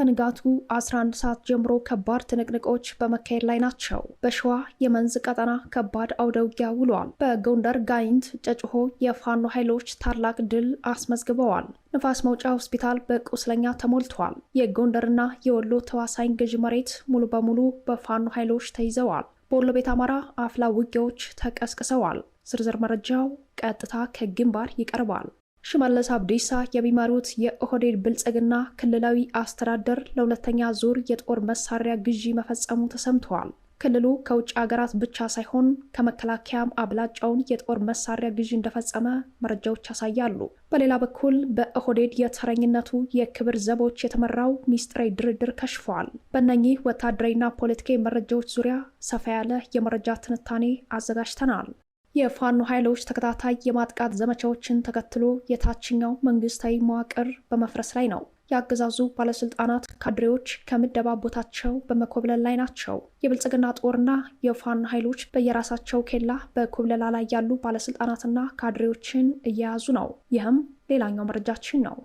ከንጋቱ 11 ሰዓት ጀምሮ ከባድ ትንቅንቆች በመካሄድ ላይ ናቸው። በሸዋ የመንዝ ቀጠና ከባድ አውደውጊያ ውሏል። በጎንደር ጋይንት ጨጭሆ የፋኖ ኃይሎች ታላቅ ድል አስመዝግበዋል። ንፋስ መውጫ ሆስፒታል በቁስለኛ ተሞልቷል። የጎንደርና የወሎ ተዋሳኝ ገዢ መሬት ሙሉ በሙሉ በፋኖ ኃይሎች ተይዘዋል። በወሎ ቤት አማራ አፍላ ውጊያዎች ተቀስቅሰዋል። ዝርዝር መረጃው ቀጥታ ከግንባር ይቀርባል። ሽመለስ አብዲሳ የሚመሩት የኦህዴድ ብልጽግና ክልላዊ አስተዳደር ለሁለተኛ ዙር የጦር መሳሪያ ግዢ መፈጸሙ ተሰምተዋል። ክልሉ ከውጭ ሀገራት ብቻ ሳይሆን ከመከላከያም አብላጫውን የጦር መሳሪያ ግዢ እንደፈጸመ መረጃዎች ያሳያሉ። በሌላ በኩል በኦህዴድ የተረኝነቱ የክብር ዘቦች የተመራው ሚስጥራዊ ድርድር ከሽፏል። በእነኚህ ወታደራዊና ፖለቲካዊ መረጃዎች ዙሪያ ሰፋ ያለ የመረጃ ትንታኔ አዘጋጅተናል። የፋኖ ኃይሎች ተከታታይ የማጥቃት ዘመቻዎችን ተከትሎ የታችኛው መንግስታዊ መዋቅር በመፍረስ ላይ ነው። የአገዛዙ ባለስልጣናት ካድሬዎች ከምደባ ቦታቸው በመኮብለል ላይ ናቸው። የብልጽግና ጦርና የፋኖ ኃይሎች በየራሳቸው ኬላ በኮብለላ ላይ ያሉ ባለስልጣናትና ካድሬዎችን እየያዙ ነው። ይህም ሌላኛው መረጃችን ነው።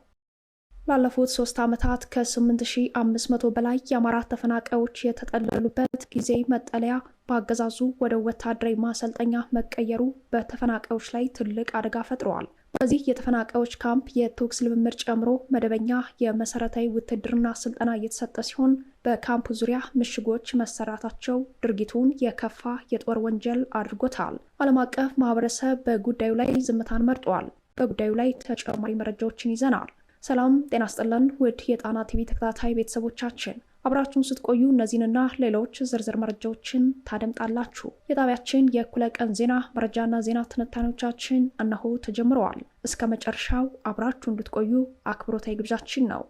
ላለፉት ሶስት ዓመታት ከ8500 በላይ የአማራ ተፈናቃዮች የተጠለሉበት ጊዜ መጠለያ በአገዛዙ ወደ ወታደራዊ ማሰልጠኛ መቀየሩ በተፈናቃዮች ላይ ትልቅ አደጋ ፈጥረዋል። በዚህ የተፈናቃዮች ካምፕ የተኩስ ልምምድ ጨምሮ መደበኛ የመሰረታዊ ውትድርና ስልጠና እየተሰጠ ሲሆን በካምፕ ዙሪያ ምሽጎች መሰራታቸው ድርጊቱን የከፋ የጦር ወንጀል አድርጎታል። ዓለም አቀፍ ማህበረሰብ በጉዳዩ ላይ ዝምታን መርጧል። በጉዳዩ ላይ ተጨማሪ መረጃዎችን ይዘናል። ሰላም ጤና ስጥልን ውድ የጣና ቲቪ ተከታታይ ቤተሰቦቻችን አብራችሁን ስትቆዩ እነዚህንና ሌሎች ዝርዝር መረጃዎችን ታደምጣላችሁ። የጣቢያችን የእኩለ ቀን ዜና መረጃና ዜና ትንታኔዎቻችን እነሆ ተጀምረዋል። እስከ መጨረሻው አብራችሁ እንድትቆዩ አክብሮታዊ ግብዣችን ነው።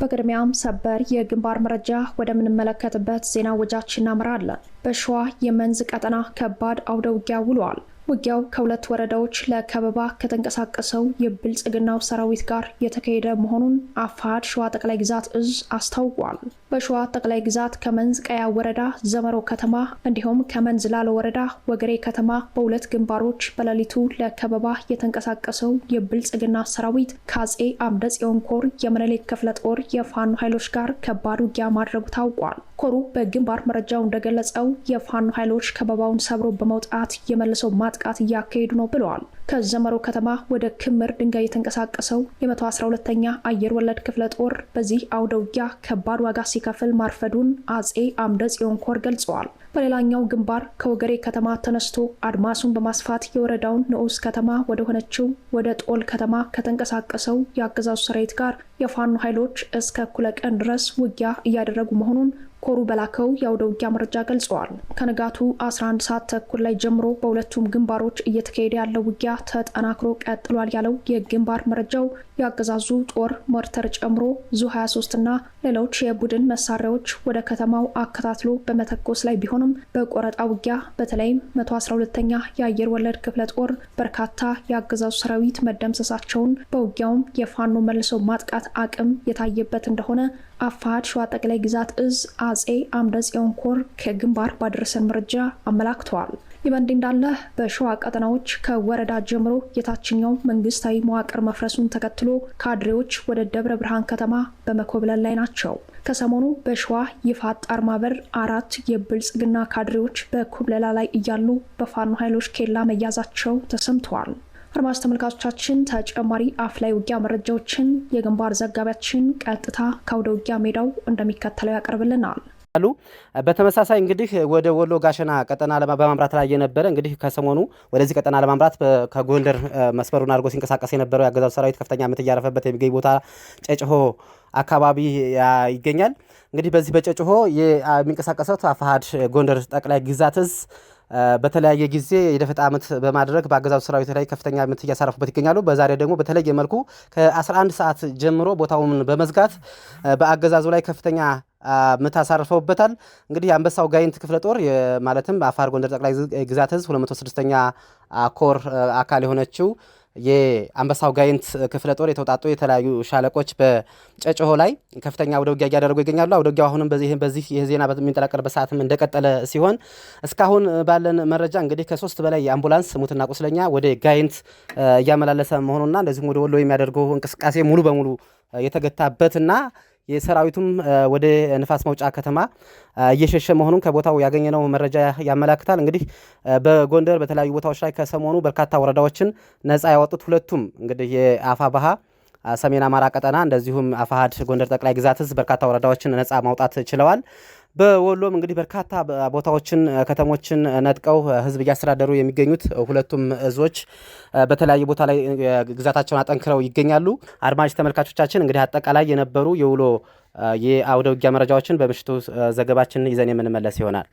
በቅድሚያም ሰበር የግንባር መረጃ ወደምንመለከትበት ዜና ወጃችን እናምራለን። በሸዋ የመንዝ ቀጠና ከባድ አውደ ውጊያ ውሏል። ውጊያው ከሁለት ወረዳዎች ለከበባ ከተንቀሳቀሰው የብልጽግናው ሰራዊት ጋር የተካሄደ መሆኑን አፋሕድ ሸዋ ጠቅላይ ግዛት እዝ አስታውቋል። በሸዋ ጠቅላይ ግዛት ከመንዝ ቀያ ወረዳ ዘመሮ ከተማ እንዲሁም ከመንዝ ላለ ወረዳ ወገሬ ከተማ በሁለት ግንባሮች በሌሊቱ ለከበባ የተንቀሳቀሰው የብልጽግና ሰራዊት ከአጼ አምደ ጽዮን ኮር የምኒልክ ክፍለ ጦር የፋኖ ኃይሎች ጋር ከባድ ውጊያ ማድረጉ ታውቋል። ኮሩ በግንባር መረጃው እንደገለጸው የፋኖ ኃይሎች ከበባውን ሰብሮ በመውጣት የመልሰው ማጥቃት እያካሄዱ ነው ብለዋል። ከዘመሮ ከተማ ወደ ክምር ድንጋይ የተንቀሳቀሰው የ112ኛ አየር ወለድ ክፍለ ጦር በዚህ አውደ ውጊያ ከባድ ዋጋ ሲከፍል ማርፈዱን አጼ አምደ ጽዮን ኮር ገልጸዋል። በሌላኛው ግንባር ከወገሬ ከተማ ተነስቶ አድማሱን በማስፋት የወረዳውን ንዑስ ከተማ ወደ ሆነችው ወደ ጦል ከተማ ከተንቀሳቀሰው የአገዛዙ ሰራዊት ጋር የፋኖ ኃይሎች እስከ እኩለ ቀን ድረስ ውጊያ እያደረጉ መሆኑን ኮሩ በላከው የአውደ ውጊያ መረጃ ገልጸዋል። ከንጋቱ 11 ሰዓት ተኩል ላይ ጀምሮ በሁለቱም ግንባሮች እየተካሄደ ያለው ውጊያ ተጠናክሮ ቀጥሏል ያለው የግንባር መረጃው የአገዛዙ ጦር ሞርተር ጨምሮ ዙ 23 እና ሌሎች የቡድን መሳሪያዎች ወደ ከተማው አከታትሎ በመተኮስ ላይ ቢሆንም በቆረጣ ውጊያ በተለይም 112ኛ የአየር ወለድ ክፍለ ጦር በርካታ የአገዛዙ ሰራዊት መደምሰሳቸውን በውጊያውም የፋኖ መልሶ ማጥቃት አቅም የታየበት እንደሆነ አፋሃድ ሸዋ ጠቅላይ ግዛት እዝ አጼ አምደ ጽዮን ኮር ከግንባር ባደረሰን መረጃ አመላክተዋል። ይህ በእንዲህ እንዳለ በሸዋ ቀጠናዎች ከወረዳ ጀምሮ የታችኛው መንግስታዊ መዋቅር መፍረሱን ተከትሎ ካድሬዎች ወደ ደብረ ብርሃን ከተማ በመኮብለል ላይ ናቸው። ከሰሞኑ በሸዋ ይፋት ጣር ማበር አራት የብልጽግና ካድሬዎች በኩብለላ ላይ እያሉ በፋኖ ኃይሎች ኬላ መያዛቸው ተሰምተዋል። አድማጭ ተመልካቾቻችን ተጨማሪ አፍ ላይ ውጊያ መረጃዎችን የግንባር ዘጋቢያችን ቀጥታ ከአውደ ውጊያ ሜዳው እንደሚከተለው ያቀርብልናል። አሉ በተመሳሳይ እንግዲህ ወደ ወሎ ጋሸና ቀጠና በማምራት ላይ የነበረ እንግዲህ ከሰሞኑ ወደዚህ ቀጠና ለማምራት ከጎንደር መስመሩን አድርጎ ሲንቀሳቀስ የነበረው የአገዛዙ ሰራዊት ከፍተኛ ምት እያረፈበት የሚገኝ ቦታ ጨጭሆ አካባቢ ይገኛል። እንግዲህ በዚህ በጨጭሆ የሚንቀሳቀሰው አፋሃድ ጎንደር ጠቅላይ ግዛትስ በተለያየ ጊዜ የደፈጣ ምት በማድረግ በአገዛዙ ሰራዊት ላይ ከፍተኛ ምት እያሳረፉበት ይገኛሉ። በዛሬ ደግሞ በተለየ መልኩ ከ11 ሰዓት ጀምሮ ቦታውን በመዝጋት በአገዛዙ ላይ ከፍተኛ ምት አሳርፈውበታል። እንግዲህ የአንበሳው ጋይንት ክፍለ ጦር ማለትም አፋር ጎንደር ጠቅላይ ግዛት ህዝብ 206ኛ ኮር አካል የሆነችው የአንበሳው ጋይንት ክፍለ ጦር የተውጣጡ የተለያዩ ሻለቆች በጨጨሆ ላይ ከፍተኛ አውደ ውጊያ እያደረጉ ይገኛሉ። አውደ ውጊያው አሁንም በዚህ ይህ ዜና በሚንጠላቀርበት ሰዓትም እንደቀጠለ ሲሆን እስካሁን ባለን መረጃ እንግዲህ ከሶስት በላይ የአምቡላንስ ሙትና ቁስለኛ ወደ ጋይንት እያመላለሰ መሆኑና እንደዚሁም ወደ ወሎ የሚያደርገው እንቅስቃሴ ሙሉ በሙሉ የተገታበትና የሰራዊቱም ወደ ንፋስ መውጫ ከተማ እየሸሸ መሆኑን ከቦታው ያገኘነው መረጃ ያመላክታል። እንግዲህ በጎንደር በተለያዩ ቦታዎች ላይ ከሰሞኑ በርካታ ወረዳዎችን ነፃ ያወጡት ሁለቱም እንግዲህ የአፋባሃ ሰሜን አማራ ቀጠና እንደዚሁም አፋሃድ ጎንደር ጠቅላይ ግዛት በርካታ ወረዳዎችን ነፃ ማውጣት ችለዋል። በወሎም እንግዲህ በርካታ ቦታዎችን ከተሞችን ነጥቀው ህዝብ እያስተዳደሩ የሚገኙት ሁለቱም እዞች በተለያየ ቦታ ላይ ግዛታቸውን አጠንክረው ይገኛሉ። አድማጭ ተመልካቾቻችን እንግዲህ አጠቃላይ የነበሩ የውሎ የአውደ ውጊያ መረጃዎችን በምሽቱ ዘገባችን ይዘን የምንመለስ ይሆናል።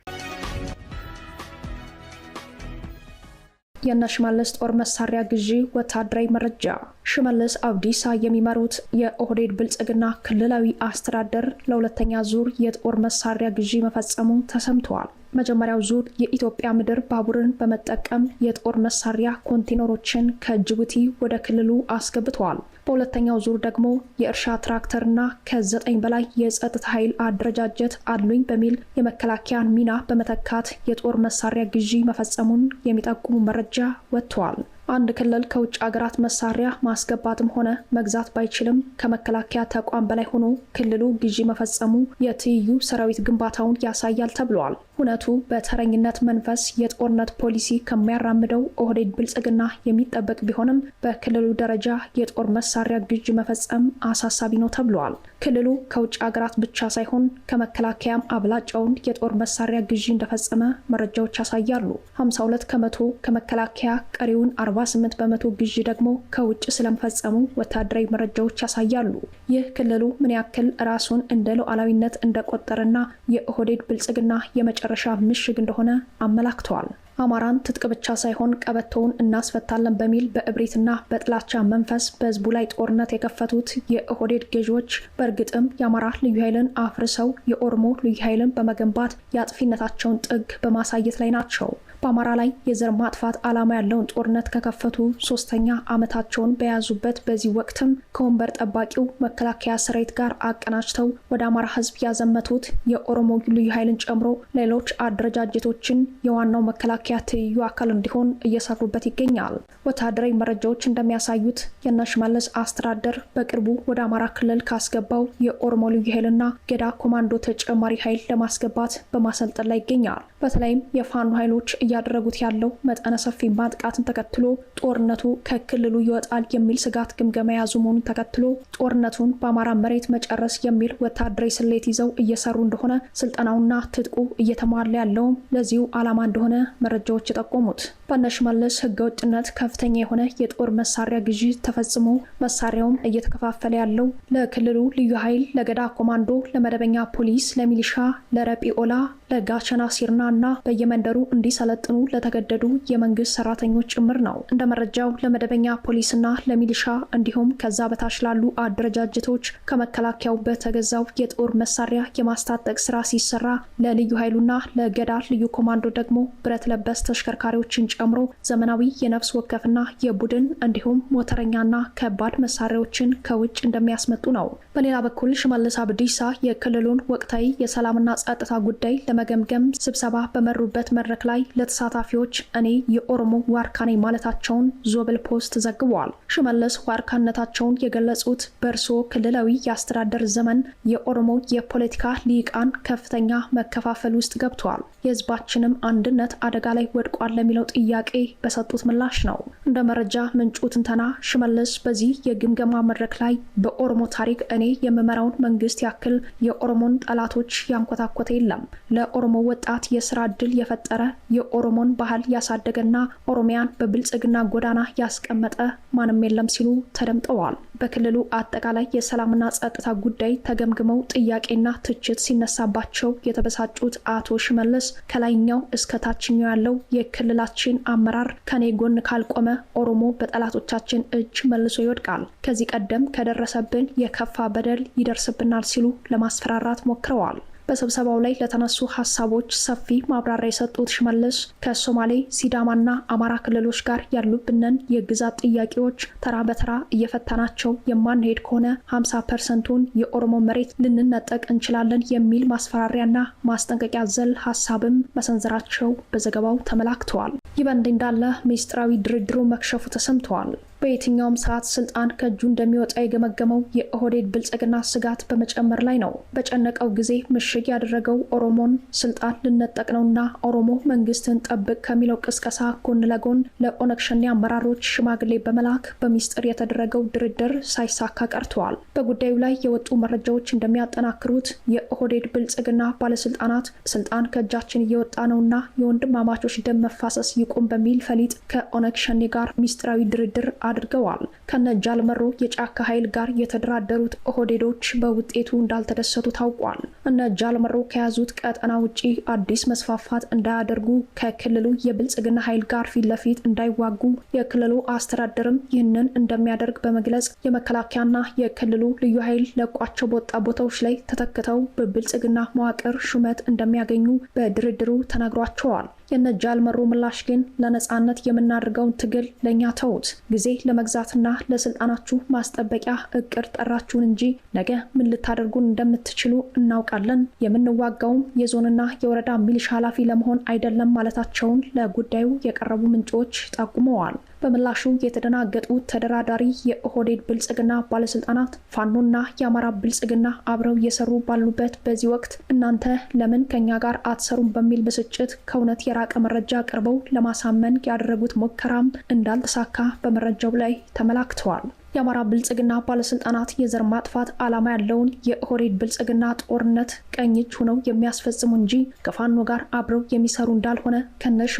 የነ ሽመልስ ጦር መሳሪያ ግዢ ወታደራዊ መረጃ ሽመልስ አብዲሳ የሚመሩት የኦህዴድ ብልጽግና ክልላዊ አስተዳደር ለሁለተኛ ዙር የጦር መሳሪያ ግዢ መፈጸሙ ተሰምተዋል። መጀመሪያው ዙር የኢትዮጵያ ምድር ባቡርን በመጠቀም የጦር መሳሪያ ኮንቴነሮችን ከጅቡቲ ወደ ክልሉ አስገብተዋል። በሁለተኛው ዙር ደግሞ የእርሻ ትራክተርና ከዘጠኝ በላይ የጸጥታ ኃይል አደረጃጀት አሉኝ በሚል የመከላከያን ሚና በመተካት የጦር መሳሪያ ግዢ መፈጸሙን የሚጠቁሙ መረጃ ወጥተዋል። አንድ ክልል ከውጭ አገራት መሳሪያ ማስገባትም ሆነ መግዛት ባይችልም ከመከላከያ ተቋም በላይ ሆኖ ክልሉ ግዢ መፈጸሙ የትይዩ ሰራዊት ግንባታውን ያሳያል ተብለዋል። እውነቱ በተረኝነት መንፈስ የጦርነት ፖሊሲ ከሚያራምደው ኦህዴድ ብልጽግና የሚጠበቅ ቢሆንም በክልሉ ደረጃ የጦር መሳሪያ ግዢ መፈጸም አሳሳቢ ነው ተብለዋል። ክልሉ ከውጭ አገራት ብቻ ሳይሆን ከመከላከያም አብላጫውን የጦር መሳሪያ ግዢ እንደፈጸመ መረጃዎች ያሳያሉ። 52 ከመቶ ከመከላከያ ቀሪውን 40 ስምንት በመቶ ግዢ ደግሞ ከውጭ ስለመፈጸሙ ወታደራዊ መረጃዎች ያሳያሉ። ይህ ክልሉ ምን ያክል ራሱን እንደ ሉዓላዊነት እንደቆጠረና የኦህዴድ ብልጽግና የመጨረሻ ምሽግ እንደሆነ አመላክተዋል። አማራን ትጥቅ ብቻ ሳይሆን ቀበቶውን እናስፈታለን በሚል በእብሪትና በጥላቻ መንፈስ በህዝቡ ላይ ጦርነት የከፈቱት የኦህዴድ ገዢዎች በእርግጥም የአማራ ልዩ ኃይልን አፍርሰው የኦሮሞ ልዩ ኃይልን በመገንባት የአጥፊነታቸውን ጥግ በማሳየት ላይ ናቸው። በአማራ ላይ የዘር ማጥፋት ዓላማ ያለውን ጦርነት ከከፈቱ ሶስተኛ ዓመታቸውን በያዙበት በዚህ ወቅትም ከወንበር ጠባቂው መከላከያ ሰራዊት ጋር አቀናጅተው ወደ አማራ ህዝብ ያዘመቱት የኦሮሞ ልዩ ኃይልን ጨምሮ ሌሎች አደረጃጀቶችን የዋናው መከላከያ ትይዩ አካል እንዲሆን እየሰሩበት ይገኛል። ወታደራዊ መረጃዎች እንደሚያሳዩት የሽመልስ አስተዳደር በቅርቡ ወደ አማራ ክልል ካስገባው የኦሮሞ ልዩ ኃይልና ገዳ ኮማንዶ ተጨማሪ ኃይል ለማስገባት በማሰልጠን ላይ ይገኛል። በተለይም የፋኖ ኃይሎች እያደረጉት ያለው መጠነ ሰፊ ማጥቃትን ተከትሎ ጦርነቱ ከክልሉ ይወጣል የሚል ስጋት ግምገማ የያዙ መሆኑን ተከትሎ ጦርነቱን በአማራ መሬት መጨረስ የሚል ወታደራዊ ስሌት ይዘው እየሰሩ እንደሆነ ስልጠናውና ትጥቁ እየተሟላ ያለውም ለዚሁ ዓላማ እንደሆነ መረጃዎች የጠቆሙት በአንዳሽ ህገ ወጥነት ከፍተኛ የሆነ የጦር መሳሪያ ግዢ ተፈጽሞ መሳሪያውም እየተከፋፈለ ያለው ለክልሉ ልዩ ኃይል፣ ለገዳ ኮማንዶ፣ ለመደበኛ ፖሊስ፣ ለሚሊሻ፣ ለረጲኦላ፣ ለጋቸና ሲርና እና በየመንደሩ እንዲሰለጥኑ ለተገደዱ የመንግስት ሰራተኞች ጭምር ነው። እንደ መረጃው ለመደበኛ ፖሊስና ለሚሊሻ እንዲሁም ከዛ በታች ላሉ አደረጃጀቶች ከመከላከያው በተገዛው የጦር መሳሪያ የማስታጠቅ ስራ ሲሰራ ለልዩ ኃይሉና ለገዳ ልዩ ኮማንዶ ደግሞ ብረት ለበስ ተሽከርካሪዎችን ጨምሮ ዘመናዊ የነፍስ ወከፍና የቡድን እንዲሁም ሞተረኛና ከባድ መሳሪያዎችን ከውጭ እንደሚያስመጡ ነው። በሌላ በኩል ሽመልስ አብዲሳ የክልሉን ወቅታዊ የሰላምና ጸጥታ ጉዳይ ለመገምገም ስብሰባ በመሩበት መድረክ ላይ ለተሳታፊዎች እኔ የኦሮሞ ዋርካኔ ማለታቸውን ዞብል ፖስት ዘግቧል። ሽመልስ ዋርካነታቸውን የገለጹት በእርሶ ክልላዊ የአስተዳደር ዘመን የኦሮሞ የፖለቲካ ሊቃን ከፍተኛ መከፋፈል ውስጥ ገብቷል፣ የህዝባችንም አንድነት አደጋ ላይ ወድቋል ለሚለው ጥያቄ በሰጡት ምላሽ ነው። እንደ መረጃ ምንጩ ትንተና ሽመልስ በዚህ የግምገማ መድረክ ላይ በኦሮሞ ታሪክ እኔ የምመራውን መንግስት ያክል የኦሮሞን ጠላቶች ያንኮታኮተ የለም። ለኦሮሞ ወጣት የስራ እድል የፈጠረ የኦሮሞን ባህል ያሳደገና ኦሮሚያን በብልጽግና ጎዳና ያስቀመጠ ማንም የለም ሲሉ ተደምጠዋል። በክልሉ አጠቃላይ የሰላምና ጸጥታ ጉዳይ ተገምግመው ጥያቄና ትችት ሲነሳባቸው የተበሳጩት አቶ ሽመልስ ከላይኛው እስከ ታችኛው ያለው የክልላችን አመራር ከኔ ጎን ካልቆመ ኦሮሞ በጠላቶቻችን እጅ መልሶ ይወድቃል፣ ከዚህ ቀደም ከደረሰብን የከፋ በደል ይደርስብናል ሲሉ ለማስፈራራት ሞክረዋል። በስብሰባው ላይ ለተነሱ ሀሳቦች ሰፊ ማብራሪያ የሰጡት ሽመልስ ከሶማሌ ሲዳማና አማራ ክልሎች ጋር ያሉብንን የግዛት ጥያቄዎች ተራ በተራ እየፈታናቸው የማንሄድ ከሆነ 50 ፐርሰንቱን የኦሮሞ መሬት ልንነጠቅ እንችላለን የሚል ማስፈራሪያና ማስጠንቀቂያ ዘል ሀሳብም መሰንዘራቸው በዘገባው ተመላክተዋል። ይህ በእንዲህ እንዳለ ምስጢራዊ ድርድሩ መክሸፉ ተሰምተዋል። በየትኛውም ሰዓት ስልጣን ከእጁ እንደሚወጣ የገመገመው የኦህዴድ ብልጽግና ስጋት በመጨመር ላይ ነው። በጨነቀው ጊዜ ምሽግ ያደረገው ኦሮሞን ስልጣን ልነጠቅ ነውና ኦሮሞ መንግስትን ጠብቅ ከሚለው ቅስቀሳ ጎን ለጎን ለኦነግ ሸኔ አመራሮች ሽማግሌ በመላክ በሚስጥር የተደረገው ድርድር ሳይሳካ ቀርተዋል። በጉዳዩ ላይ የወጡ መረጃዎች እንደሚያጠናክሩት የኦህዴድ ብልጽግና ባለስልጣናት ስልጣን ከእጃችን እየወጣ ነውና የወንድማማቾች ደም መፋሰስ ይቁም በሚል ፈሊጥ ከኦነግ ሸኔ ጋር ሚስጥራዊ ድርድር አድርገዋል። ከነጅ አልመሮ የጫካ ኃይል ጋር የተደራደሩት ኦህዴዶች በውጤቱ እንዳልተደሰቱ ታውቋል። እነ አልመሮ ከያዙት ቀጠና ውጪ አዲስ መስፋፋት እንዳያደርጉ ከክልሉ የብልጽግና ኃይል ጋር ፊት ለፊት እንዳይዋጉ የክልሉ አስተዳደርም ይህንን እንደሚያደርግ በመግለጽ የመከላከያና የክልሉ ልዩ ኃይል ለቋቸው በወጣ ቦታዎች ላይ ተተክተው በብልጽግና መዋቅር ሹመት እንደሚያገኙ በድርድሩ ተነግሯቸዋል። የነጃልመሮ ምላሽ ግን ለነፃነት የምናደርገውን ትግል ለእኛ ተውት፣ ጊዜ ለመግዛትና ለስልጣናችሁ ማስጠበቂያ እቅድ ጠራችሁን እንጂ ነገ ምን ልታደርጉን እንደምትችሉ እናውቃለን። የምንዋጋውም የዞንና የወረዳ ሚሊሻ ኃላፊ ለመሆን አይደለም ማለታቸውን ለጉዳዩ የቀረቡ ምንጮች ጠቁመዋል። በምላሹ የተደናገጡ ተደራዳሪ የኦህዴድ ብልጽግና ባለስልጣናት ፋኖና የአማራ ብልጽግና አብረው እየሰሩ ባሉበት በዚህ ወቅት እናንተ ለምን ከኛ ጋር አትሰሩም በሚል ብስጭት ከእውነት የራቀ መረጃ ቀርበው ለማሳመን ያደረጉት ሙከራም እንዳልተሳካ በመረጃው ላይ ተመላክተዋል። የአማራ ብልጽግና ባለስልጣናት የዘር ማጥፋት ዓላማ ያለውን የኦህዴድ ብልጽግና ጦርነት ቀኝ እጅ ሆነው የሚያስፈጽሙ እንጂ ከፋኖ ጋር አብረው የሚሰሩ እንዳልሆነ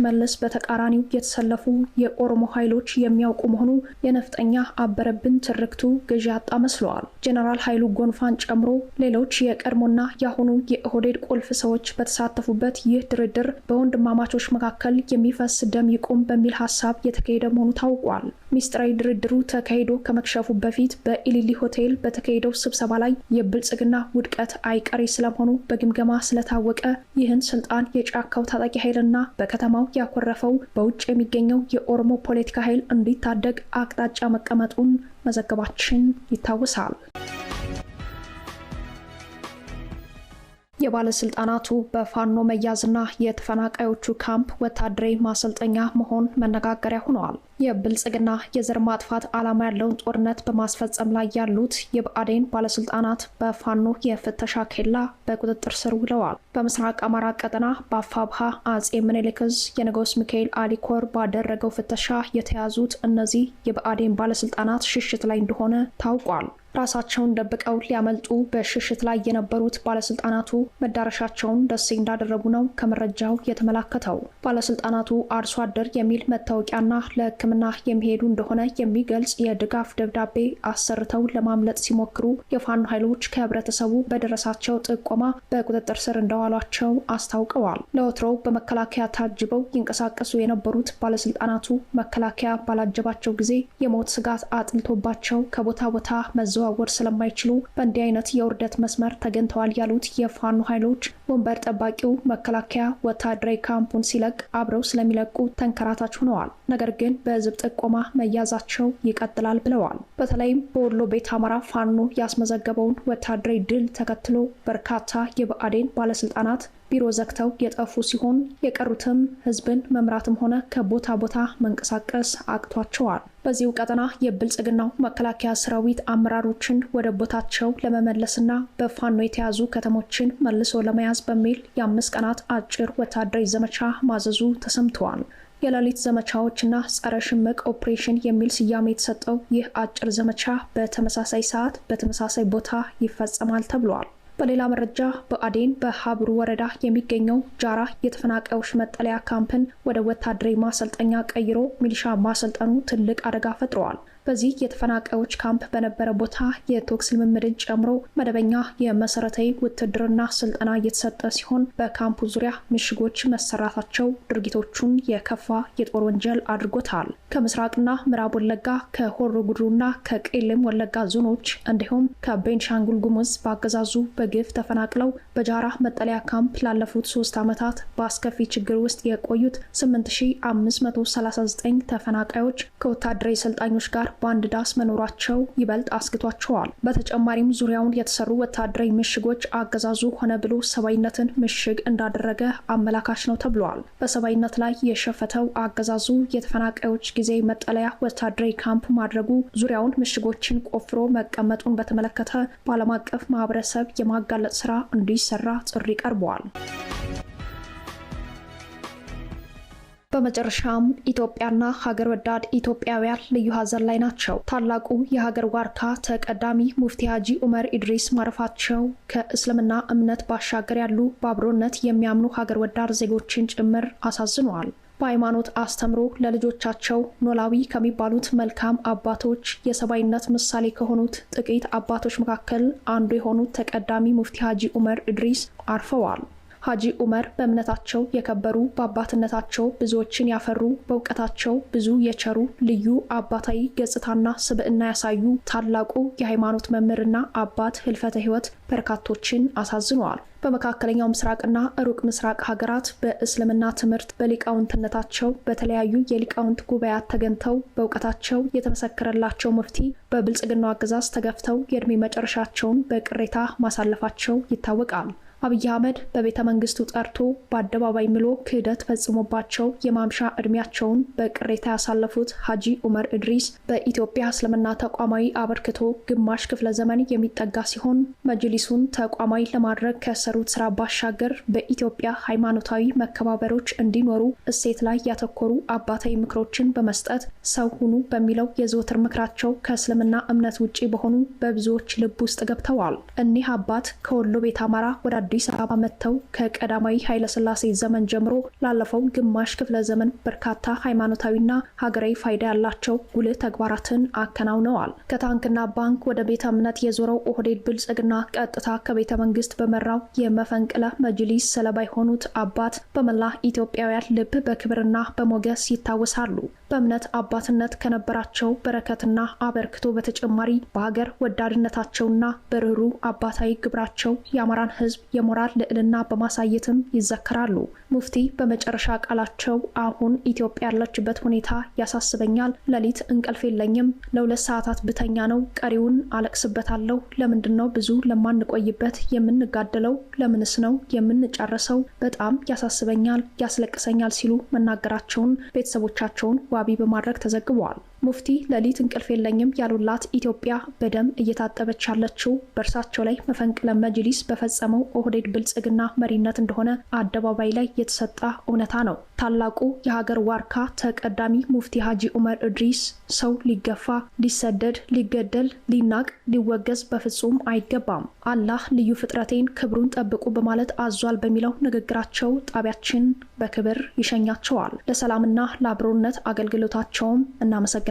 መለስ በተቃራኒው የተሰለፉ የኦሮሞ ኃይሎች የሚያውቁ መሆኑ የነፍጠኛ አበረብን ትርክቱ ገዢ ያጣ መስለዋል። ጀነራል ኃይሉ ጎንፋን ጨምሮ ሌሎች የቀድሞና የአሁኑ የኦህዴድ ቁልፍ ሰዎች በተሳተፉበት ይህ ድርድር በወንድማማቾች መካከል የሚፈስ ደም ይቁም በሚል ሀሳብ የተካሄደ መሆኑ ታውቋል። ሚስጥራዊ ድርድሩ ተካሂዶ ከመ ከመክሸፉ በፊት በኢሊሊ ሆቴል በተካሄደው ስብሰባ ላይ የብልጽግና ውድቀት አይቀሬ ስለመሆኑ በግምገማ ስለታወቀ ይህን ስልጣን የጫካው ታጣቂ ኃይልና በከተማው ያኮረፈው በውጭ የሚገኘው የኦሮሞ ፖለቲካ ኃይል እንዲታደግ አቅጣጫ መቀመጡን መዘገባችን ይታወሳል። የባለስልጣናቱ በፋኖ መያዝና የተፈናቃዮቹ ካምፕ ወታደራዊ ማሰልጠኛ መሆን መነጋገሪያ ሆነዋል። የብልጽግና የዘር ማጥፋት ዓላማ ያለውን ጦርነት በማስፈጸም ላይ ያሉት የብአዴን ባለስልጣናት በፋኖ የፍተሻ ኬላ በቁጥጥር ስር ውለዋል። በምስራቅ አማራ ቀጠና በአፋብሃ አጼ ምኒልክ የንጉስ ሚካኤል አሊኮር ባደረገው ፍተሻ የተያዙት እነዚህ የብአዴን ባለስልጣናት ሽሽት ላይ እንደሆነ ታውቋል። ራሳቸውን ደብቀው ሊያመልጡ በሽሽት ላይ የነበሩት ባለስልጣናቱ መዳረሻቸውን ደሴ እንዳደረጉ ነው ከመረጃው የተመላከተው። ባለስልጣናቱ አርሶ አደር የሚል መታወቂያና ለህክምና ሕክምና የሚሄዱ እንደሆነ የሚገልጽ የድጋፍ ደብዳቤ አሰርተው ለማምለጥ ሲሞክሩ የፋኖ ኃይሎች ከህብረተሰቡ በደረሳቸው ጥቆማ በቁጥጥር ስር እንደዋሏቸው አስታውቀዋል። ለወትሮው በመከላከያ ታጅበው ይንቀሳቀሱ የነበሩት ባለስልጣናቱ መከላከያ ባላጀባቸው ጊዜ የሞት ስጋት አጥልቶባቸው ከቦታ ቦታ መዘዋወር ስለማይችሉ በእንዲህ አይነት የውርደት መስመር ተገኝተዋል ያሉት የፋኖ ኃይሎች ወንበር ጠባቂው መከላከያ ወታደራዊ ካምፑን ሲለቅ አብረው ስለሚለቁ ተንከራታች ሆነዋል። ነገር ግን በ በህዝብ ጥቆማ መያዛቸው ይቀጥላል ብለዋል። በተለይም በወሎ ቤት አማራ ፋኖ ያስመዘገበውን ወታደራዊ ድል ተከትሎ በርካታ የብአዴን ባለስልጣናት ቢሮ ዘግተው የጠፉ ሲሆን የቀሩትም ህዝብን መምራትም ሆነ ከቦታ ቦታ መንቀሳቀስ አቅቷቸዋል። በዚሁ ቀጠና የብልጽግናው መከላከያ ሰራዊት አመራሮችን ወደ ቦታቸው ለመመለስና በፋኖ የተያዙ ከተሞችን መልሶ ለመያዝ በሚል የአምስት ቀናት አጭር ወታደራዊ ዘመቻ ማዘዙ ተሰምተዋል። የሌሊት ዘመቻዎችና ጸረ ሽምቅ ኦፕሬሽን የሚል ስያሜ የተሰጠው ይህ አጭር ዘመቻ በተመሳሳይ ሰዓት በተመሳሳይ ቦታ ይፈጸማል ተብሏል። በሌላ መረጃ በአዴን በሀብሩ ወረዳ የሚገኘው ጃራ የተፈናቃዮች መጠለያ ካምፕን ወደ ወታደራዊ ማሰልጠኛ ቀይሮ ሚሊሻ ማሰልጠኑ ትልቅ አደጋ ፈጥረዋል። በዚህ የተፈናቃዮች ካምፕ በነበረ ቦታ የቶክስ ልምምድን ጨምሮ መደበኛ የመሰረታዊ ውትድርና ስልጠና እየተሰጠ ሲሆን በካምፑ ዙሪያ ምሽጎች መሰራታቸው ድርጊቶቹን የከፋ የጦር ወንጀል አድርጎታል። ከምስራቅና ምዕራብ ወለጋ ከሆሮ ጉድሩና ከቄለም ወለጋ ዞኖች እንዲሁም ከቤንሻንጉል ጉሙዝ በአገዛዙ በግፍ ተፈናቅለው በጃራ መጠለያ ካምፕ ላለፉት ሶስት ዓመታት በአስከፊ ችግር ውስጥ የቆዩት 8539 ተፈናቃዮች ከወታደራዊ ሰልጣኞች ጋር ባንድ ዳስ መኖራቸው ይበልጥ አስግቷቸዋል። በተጨማሪም ዙሪያውን የተሰሩ ወታደራዊ ምሽጎች አገዛዙ ሆነ ብሎ ሰብአዊነትን ምሽግ እንዳደረገ አመላካች ነው ተብሏል። በሰብአዊነት ላይ የሸፈተው አገዛዙ የተፈናቃዮች ጊዜ መጠለያ ወታደራዊ ካምፕ ማድረጉ ዙሪያውን ምሽጎችን ቆፍሮ መቀመጡን በተመለከተ በዓለም አቀፍ ማህበረሰብ የማጋለጥ ስራ እንዲሰራ ጥሪ ቀርበዋል። በመጨረሻም ኢትዮጵያና ሀገር ወዳድ ኢትዮጵያውያን ልዩ ሀዘን ላይ ናቸው። ታላቁ የሀገር ዋርካ ተቀዳሚ ሙፍቲ ሀጂ ኡመር ኢድሪስ ማረፋቸው ከእስልምና እምነት ባሻገር ያሉ በአብሮነት የሚያምኑ ሀገር ወዳድ ዜጎችን ጭምር አሳዝነዋል። በሃይማኖት አስተምሮ ለልጆቻቸው ኖላዊ ከሚባሉት መልካም አባቶች የሰብአዊነት ምሳሌ ከሆኑት ጥቂት አባቶች መካከል አንዱ የሆኑት ተቀዳሚ ሙፍቲ ሀጂ ኡመር ኢድሪስ አርፈዋል። ሀጂ ዑመር በእምነታቸው የከበሩ በአባትነታቸው ብዙዎችን ያፈሩ በእውቀታቸው ብዙ የቸሩ ልዩ አባታዊ ገጽታና ስብዕና ያሳዩ ታላቁ የሃይማኖት መምህርና አባት ህልፈተ ህይወት በርካቶችን አሳዝነዋል። በመካከለኛው ምስራቅና ሩቅ ምስራቅ ሀገራት በእስልምና ትምህርት በሊቃውንትነታቸው በተለያዩ የሊቃውንት ጉባኤያት ተገኝተው በእውቀታቸው የተመሰከረላቸው ሙፍቲ በብልጽግናው አገዛዝ ተገፍተው የእድሜ መጨረሻቸውን በቅሬታ ማሳለፋቸው ይታወቃል። አብይ አህመድ በቤተ መንግስቱ ጠርቶ በአደባባይ ምሎ ክህደት ፈጽሞባቸው የማምሻ ዕድሜያቸውን በቅሬታ ያሳለፉት ሀጂ ኡመር እድሪስ በኢትዮጵያ እስልምና ተቋማዊ አበርክቶ ግማሽ ክፍለ ዘመን የሚጠጋ ሲሆን መጅሊሱን ተቋማዊ ለማድረግ ከሰሩት ስራ ባሻገር በኢትዮጵያ ሃይማኖታዊ መከባበሮች እንዲኖሩ እሴት ላይ ያተኮሩ አባታዊ ምክሮችን በመስጠት ሰው ሁኑ በሚለው የዘወትር ምክራቸው ከእስልምና እምነት ውጪ በሆኑ በብዙዎች ልብ ውስጥ ገብተዋል። እኒህ አባት ከወሎ ቤት አማራ ወደ አዲስ አበባ መጥተው ከቀዳማዊ ኃይለስላሴ ዘመን ጀምሮ ላለፈው ግማሽ ክፍለ ዘመን በርካታ ሃይማኖታዊና ሀገራዊ ፋይዳ ያላቸው ጉልህ ተግባራትን አከናውነዋል። ከታንክና ባንክ ወደ ቤተ እምነት የዞረው ኦህዴድ ብልጽግና ቀጥታ ከቤተ መንግስት በመራው የመፈንቅለ መጅሊስ ሰለባ የሆኑት አባት በመላ ኢትዮጵያውያን ልብ በክብርና በሞገስ ይታወሳሉ። በእምነት አባትነት ከነበራቸው በረከትና አበርክቶ በተጨማሪ በሀገር ወዳድነታቸውና በርህሩ አባታዊ ግብራቸው የአማራን ሕዝብ የሞራል ልዕልና በማሳየትም ይዘከራሉ። ሙፍቲ በመጨረሻ ቃላቸው አሁን ኢትዮጵያ ያለችበት ሁኔታ ያሳስበኛል። ሌሊት እንቅልፍ የለኝም። ለሁለት ሰዓታት ብተኛ ነው፣ ቀሪውን አለቅስበታለሁ። ለምንድን ነው ብዙ ለማንቆይበት የምንጋደለው? ለምንስ ነው የምንጨርሰው? በጣም ያሳስበኛል፣ ያስለቅሰኛል ሲሉ መናገራቸውን ቤተሰቦቻቸውን ዋቢ በማድረግ ተዘግበዋል። ሙፍቲ ሌሊት እንቅልፍ የለኝም ያሉላት ኢትዮጵያ በደም እየታጠበች ያለችው በእርሳቸው ላይ መፈንቅለ መጅሊስ በፈጸመው ኦህዴድ ብልጽግና መሪነት እንደሆነ አደባባይ ላይ የተሰጠ እውነታ ነው። ታላቁ የሀገር ዋርካ ተቀዳሚ ሙፍቲ ሀጂ ኡመር እድሪስ ሰው ሊገፋ፣ ሊሰደድ፣ ሊገደል፣ ሊናቅ፣ ሊወገዝ በፍጹም አይገባም። አላህ ልዩ ፍጥረቴን ክብሩን ጠብቁ በማለት አዟል በሚለው ንግግራቸው ጣቢያችን በክብር ይሸኛቸዋል። ለሰላምና ለአብሮነት አገልግሎታቸውም እናመሰግናል።